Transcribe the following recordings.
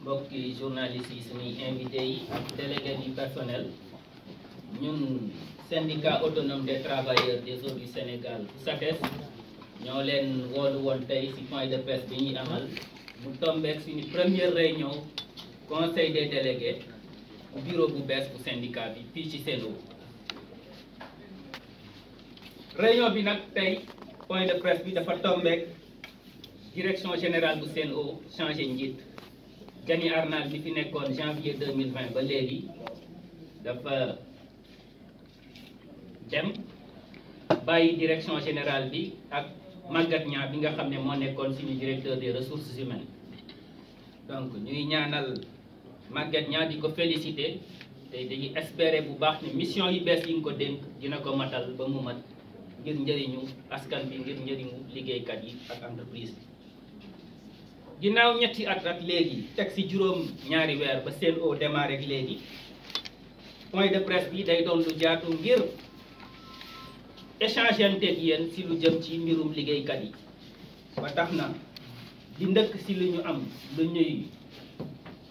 mbokki journaliste yi suñuy invité yi ak délégué personnel ñun syndicat autonome des travailleurs des eaux du Sénégal SATES ñoo leen woolu woon tey ci point de presse bi ñuy amal mu tombeek suñu première réunion conseil des délégués bureau bu pour bu syndicat bi puis ci réunion bi point de presse bi dafa direction générale du CNO, changé njiit Diany Arnal bi fi en janvier 2020 Valérie, de dafa dem direction générale bi ak Nia, Niang bi nga directeur des ressources humaines donc nous ñuy ñaanal Maguette Niang di ko félicité tey dañuy espérer bu baax ne mission yi bees yi ngi ko dénk dina ko matal ba mu mat ngir njëriñu askan bi ngir liggéey kat yi ak entreprise ginaaw ñetti at ak légui tek ci juroom ñaari wër ba sen o démarrer ak léegi point de presse bi day doon lu jaatu ngir échangeante ak yeen ci lu jëm ci mbirum kat yi ba tax na di ndëkk ci li ñu am lu ñuy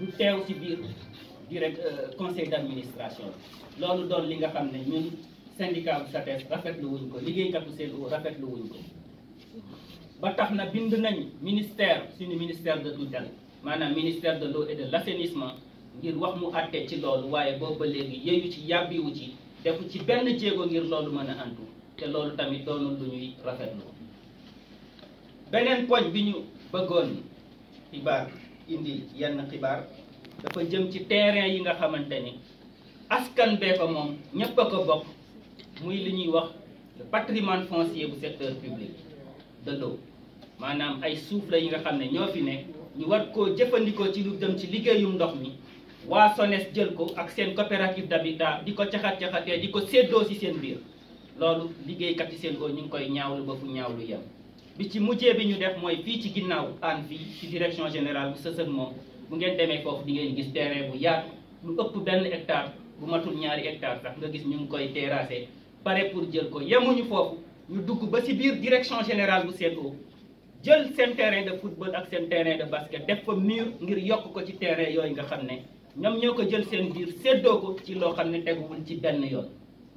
du teew ci bir direct euh, conseil d'administration lolu doon li nga xam ñun syndicat bu rafet lu wuñ ko sel rafet lu wuñ ko ba tax na bind nañ ministère suñu ministère de tutelle manam ministère de l'eau et de l'assainissement ngir wax mu atté ci loolu waaye booba légui yeyu ci wu ci defu ci benn jéego ngir lolu mëna a antu te tamit doonul lu ñuy rafetlu beneen poñ bi ñu bëggoon xibaar indi yenn xibaar dafa jëm ci terrain yi nga xamante ni askan bee ko moom ñépp a ko bokk muy li ñuy wax le patrimoine foncier bu secteur public de maanaam ay suuf la yi nga xam ne ñoo fi ne ñu war koo jëfandikoo ci lu jëm ci liggéeyum ndox mi waa SONES jël ko ak seen coopérative d'habitat di ko jaxat caxatee di ko séddoo ci seen biir loolu liggéeykat yi seen oo ñu ngi koy ñaawlu ba fu lu yem bi ci mujjee bi ñu def mooy fii ci ginnaaw aan fii ci direction général bu bu ngeen demee foofu di ngeen gis terrain bu yaatu lu ëpp benn hectare bu matul ñaari hectare sax nga gis ñu ngi koy terrasser pare pour jël ko yemuñu foofu ñu dugg ba ci biir direction général bu Sen'Eau jël seen terrain de football ak seen terrain de basket def ko mur ngir yokk ko ci terrain yooyu nga xam ne ñoom ñoo ko jël seen biir séddoo ko ci loo xam ne teguwul ci benn yoon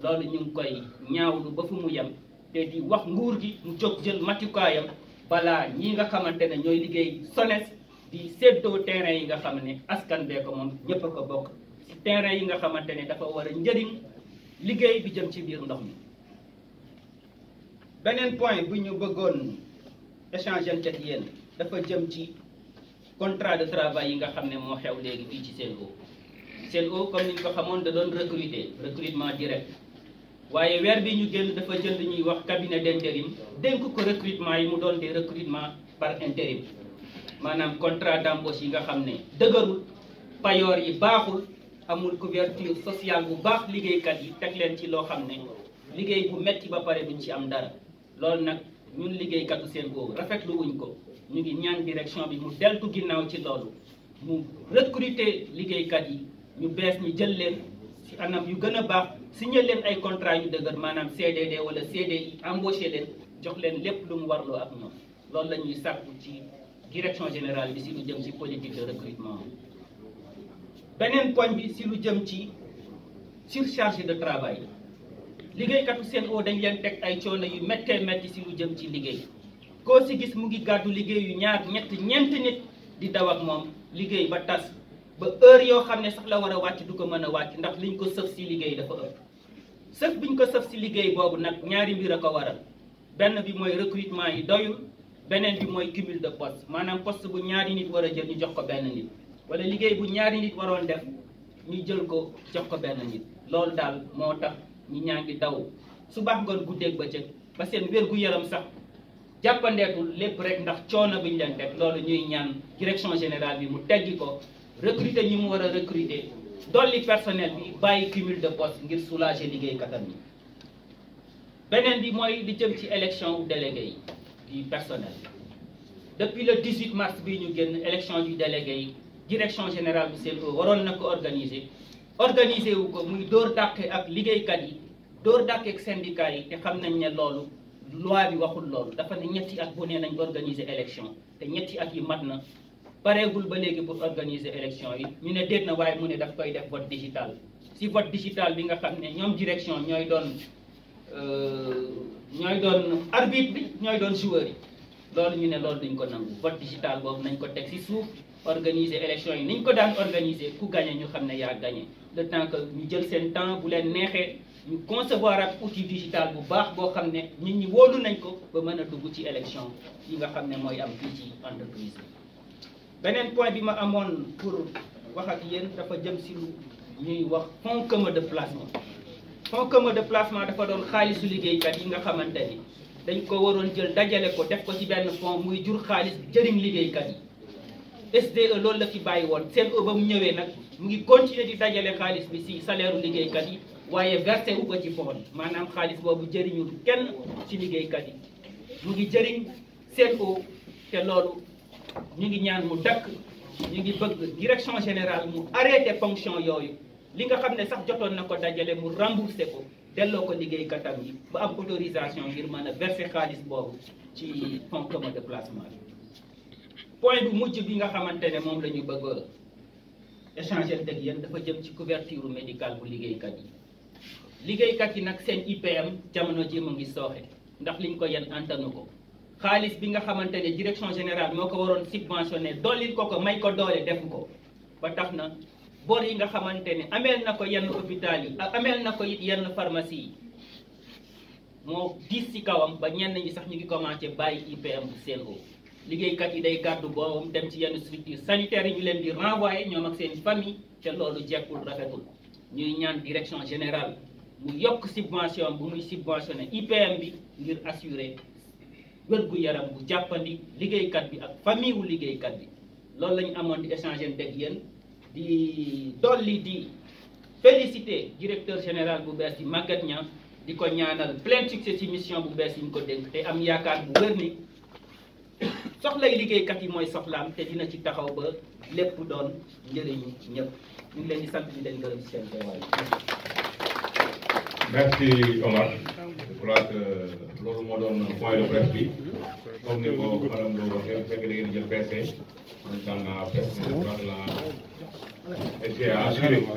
loolu ñu ngi koy ñaawlu ba fu mu yem te di wax nguur gi mu jóg jël matukaayam balaa ñi nga xamante ne ñooy liggéey SONES di séddoo terrain yi nga xam ne askan bee ko moom ñëpp a ko bokk ci terrain yi nga xamante ne dafa war a njëriñ liggéey bi jëm ci biir ndox mi beneen point bu ñu bëggoon échanger ak yéen dafa jëm ci contrat de travail yi nga xam ne moo xew léegi bii ci Sen'Eau Sen'Eau comme ni ñu ko xamoon da doon recruter recrutement direct waaye weer bi ñu gën dafa jënd ñuy wax cabinet d'intérim dénk ko recrutement yi mu doon des recrutement par intérim maanaam contrat d'embauche yi nga xam ne dëgërul payoor yi baaxul amul couverture social bu baax liggéeykat yi teg leen ci loo xam ne liggéey bu metti ba pare duñ ci am dara loolu nag ñun liggéeykatu seen boobu rafetlu wuñ ko ñu ngi ñaan direction bi mu deltu ginnaaw ci loolu mu recruter liggéeykat yi ñu bees ñu jël leen ci anam yu gën a baax signé leen ay contrat yu dëgër maanaam CDD wala CDI embauché leen jox leen lépp lu mu warloo ak ñoom loolu la ñuy ci direction général bi si lu jëm ci politique de recrutement beneen poñ bi si lu jëm ci surcharge de travail liggéeykatu Sen'Eau dañ leen teg ay coono yu méttee métti si lu jëm ci liggéey koo si gis mu ngi gàddu liggéey yu ñaar ñett ñeent nit di daw moom liggéey ba tas ba heure yoo xam ne sax la war a wàcc du ko mën a wàcc ndax liñ ko sëf si liggéey dafa ëpp sëf biñ ko sëf si liggéey boobu nag ñaari mbir a ko waral benn bi mooy recrutement beneen bi mooy cumul de poste maanaam poste bu ñaari nit war a jël ñu jox ko benn nit wala liggéey bu ñaari nit waroon def ñu jël ko jox ko benn nit loolu daal moo tax ñi ñaa ngi daw su baax ngoon guddeeg bëccëg ba seen wér-gu-yaram sax jàppandeetul lépp rek ndax coono bi ñu leen teg loolu ñuy ñaan direction général bi mu teggi ko recruter ñi mu war a recruter dolli personnel bi bàyyi cumul de poste ngir soulager liggéeykatam yi beneen bi mooy li jëm ci élection délégué yi personnel depuis le 18 mars bii élection du délégué direction générale de Sen'Eau organiser organiser ou comme muy dóor dàqe ak liggéeykat Les dóor ak syndicat yi les ne loolu loi organiser élection Les ñetti pour organiser l'élection vote digital si vote digital direction Euh, ñooy doon arbitre bi ñooy doon joueur yi loolu ñu ne loolu duñ ko nangu vote digital boobu nañ ko teg ci suuf organiser élection yi niñ ko daan organiser ku gagné ñu xam ne yaa gagné le temps que ñu jël seen temps bu leen neexee ñu concevoir ak outil digital bu baax boo xam ne nit ñi wóolu nañ ko ba mën a dugg ci élection yi nga xam ne mooy am fii ci entreprise beneen point bi ma amoon pour wax ak yéen dafa jëm si lu ñuy wax fonds commun de placement fonds commun de placement dafa doon xaalisu liggéeykat yi nga xamante ni dañ ko waroon jël dajale ko def ko ci benn fonds muy jur xaalis jëriñ liggéeykat yi SDE loolu la fi bàyyi woon seen e ba mu ñëwee nag mu ngi continuer di dajale xaalis bi ci salaire u liggéeykat yi waaye versé wu ko ci fonds maanaam xaalis boobu jëriñul kenn ci liggéeykat yi mu ngi jëriñ seen e te loolu ñu ngi ñaan mu takk ñu ngi bëgg direction général mu arrêté fonction yooyu li nga xam ne sax jotoon na ko dajale mu remboursé ko delloo ko liggéeykatam yi ba am autorisation ngir mën a verser xaalis boobu ci fonds commun de placement point bu mujj bi nga xamante ne moom la ñu bëgg a échanger ak yéen dafa jëm ci couverture médicale bu liggéeykat yi liggéeykat yi nag seen IPM jamono ji mu ngi sooxe ndax liñ ko yenn antanu ko xaalis bi nga xamante ne direction générale moo ko waroon subventionné dollil ko ko may ko doole def ko bor yi nga xamantene amel nako yenn hôpital yi ak amel nako yit yenn pharmacie yi moo diis ci kawam ba ñenn ñi sax ñu ngi commencé bay IPM bu ho liggey kat yi day gàddu boobam dem ci yenn structure sanitaire yi ñu leen di renvoyer ñom ak seen famille te lolu jekul rafetul ñuy ñaan direction générale mu yok subvention bu muy subventionné IPM bi ngir assurer gu yaram bu jappandi liggey kat bi ak famille wu liggey kat bi lolu lañ amone di échanger ak yeen di dolli di féliciter directeur général bu bess yi magat Niang di ko ñaanal plein succès ci mission bu bess ñu ko denk té am yaakaar bu wër ni liggéey kat yi moy soxlaam té dina ci taxaw ba lepp doon ñi ñëpp ñu ngi leen di sant di leen gërëm ci seen teewaay merci Omar je crois que loolu moo doon point de presse bi comme ni ko madame Lo waxee bu fekkee da ngeen jël PC man de naa presse la Ese ácido.